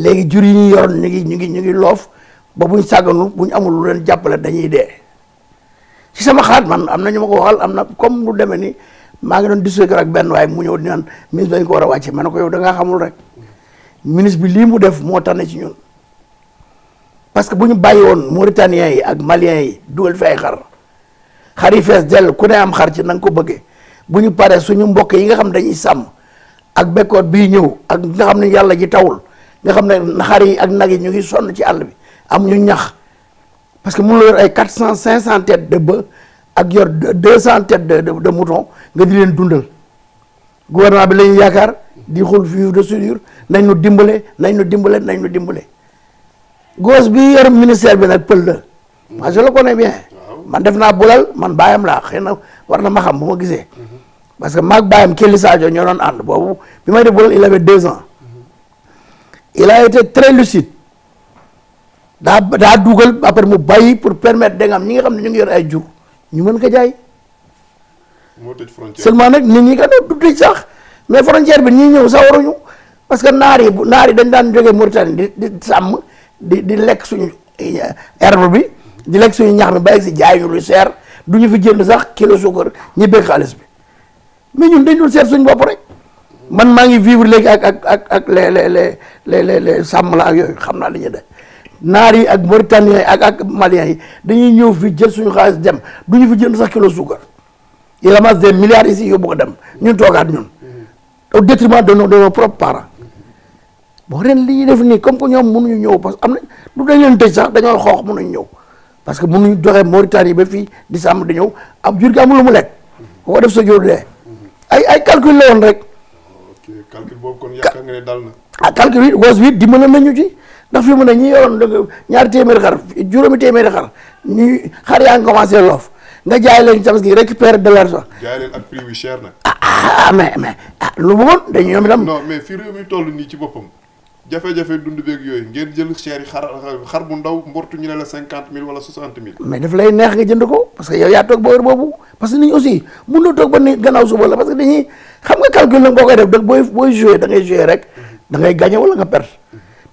léegi jur yi ñu yoroon ñu ngi ñu ngi ñu ngi loof ñu buñ bu ñu amul lu leen jàppale dañuy dee ci sama xalaat man am na ñu ma ko waxal am na comme lu demee ni maa ngi doon discuter ak benn waaye mu ñëw di naan ministre dañ ko war a wàcce ma ne ko yow da ngaa rek ministre bi lii mu def moo tane ci ñun parce que bu ñu bàyyi woon moo Mauritaniens yi ak malien yi dugal fi ay xar xar yi fees dell ku ne am xar ci na ko bëggee bu ñu paree suñu mbokk yi nga xam dañuy sàmm ak bekkoor bii ñëw ak nga xam ne yàlla ji tawul nga xam ne xar yi ak nag yi ñu ngi sonn ci àll bi am ñu ñax parce que mënuloo yor ay quatre cent cinq cent têtes de bœuf ak yor deux cent têtes de de mouton nga di leen dundal gouvernement bi lañu yaakaar di xul vivre de soudure nañ nu dimbale nañ nu dimbale nañ nu dimbale gos bi yor ministère bi nag pël la moi je le connais bien man def naa bulal man baayam laa xëy na war na ma xam bu ma gisee mhm. parce que maag baayam Kelli Sadio ñoo doon ànd boobu bi may def bulal il avait deux il a été très lucide daa daa dugal après mu bàyyi pour permettre da nga am ñi nga xam ne ñu ngi yor ay jur ñu mën ko jaay. moo tëj frontière nag nit ñi kat du tëj sax mais frontière bi ñi ñëw sax waruñu parce que naar bu naar dañ daan jógee Mauritanie di di sàmm di di lekk suñu eh, herbe bi di lekk suñu ñax mi bàyyi si jaay ñu lu seer du ñu fi jënd sax kilo suukar ñi bëgg xaalis bi mais ñun dañ doon seet suñu bopp rek. man maa ngi vivre léegi ak ak ak ak le le le les les sàmm la ak yooyu xam naa li ñuy def naar yi ak Mauritaniens yi ak ak Maliens yi dañuy ñëw fi jël suñu xaalis dem du ñu fi jënd sax kilo suukar yi ramasse des milliards ici yóbbu ko dem ñun toogaat ñun au détriment de nos de nos propres parents bon ren li ñu def nii comme que ñoom ñu ñëw parce que am na lu dañ leen tëj sax dañoo xoox mënuñu ñëw parce que mënuñu doxee Mauritanie ba fii di sàmm di ñëw am jur gi amul lu mu lekk ko def sa jur dee ay ay calcul la rek. calcul boobu kon yaakaar nga ne dal na. ah calcul yi was wi dimbale nañu ci ndax fi mu ne ñi yoroon ñaari téeméeri xar juróomi téeméeri xar ñuy xar yaa ngi commencé loof nga jaay leen tamit gi récupérer de l'argent. jaay leen ak prix yu cher nag. ah, ah mais mais ah lu bëggoon dañu ñoom itam. non mais fii réew mi toll nii ci boppam jafe-jafe dund beeg yooyu ngeen jël cher yi xar bu ndaw mbortu ñu ne la cinquante mille wala soixante mille. mais daf xam nga calcul nag boo koy def da booy booy joué da ngay joué rek da ngay gagné wala nga perte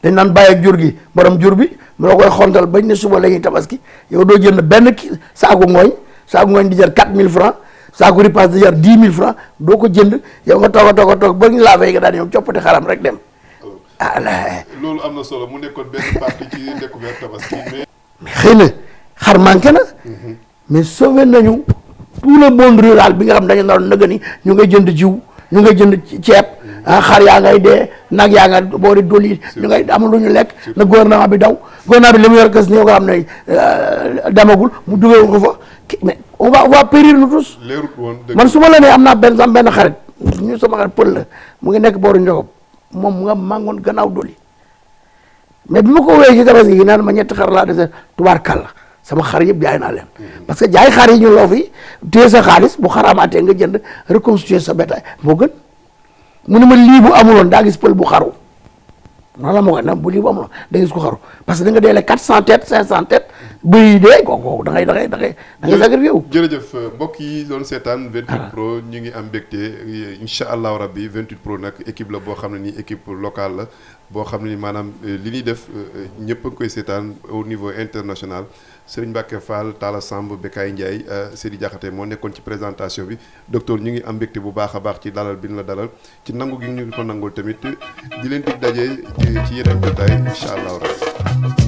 dañ naan bàyyi ak jur gi borom jur bi mu la koy xontal bañ ne suba la tabaski yow doo jënd benn saaku ngooñ saaku ngooñ di jar 4000 francs saaku ripaas di jar 10 000 francs doo ko jënd yow nga toog a toog a toog ba ñu laa fay nga daan yow coppati xaram rek dem. ah loolu am na solo mu nekkoon benn partie ci découverte tabaski mais. na xar manqué na. Mhm. mais tout le monde rural bi nga xam dañu naroon nëgë ni ngay jënd jiw ñu ngay jënd ceeb mm. ah, xar yaa ngay dee nag yaa nga boori doli ñu ngay amul lu ñu lekk na gouvernement bi daw gouvernement bi li mu yor kës ni ko xam ne euh, demagul mu dugal ko fa mais on va on va périr man su ma la am naa benn sam benn xarit ñu sama xarit pël la mu ngi nekk booru njogob moom mu nga màngoon gannaaw doli mais bi ma ko wéyee ci tabaski gi naan ma ñetti xar laa dese tubaar kàlla sama xar yëpp jaay naa leen parce que jaay xar yi ñu loo fi téye sa xaalis bu xaraamaatee nga jënd reconstituer sa bétail moo gën mu ne ma lii bu amuloon daa gis pël bu xaru noonu la ma ko bu lii amuloon da gis ko xaru parce que da nga deelee quatre cent têtes cinq cent têtes bëy dee kooku da ngay da ngay da ngay da ngay jërëjëf mbokk yi doon seetaan. 28 ah. pro ñu ngi am mbégte eh, incha allahu rabbi 28 pro nag équipe boo xam ne nii équipe locale la boo xam ne ni maanaam eh, li ñuy def eh, ñëpp a koy seetaan au niveau international Serigne Mbacke Fall Talla Samb Bekay Ndiaye Seydi Diakhaté moo nekkoon ci présentation bi docteur ñu ngi am mbégte bu baax a baax ci dalal bi ñu la dalal ci nangu gi ñu ko nangul tamit di leen dig daje ci yeneen jotaay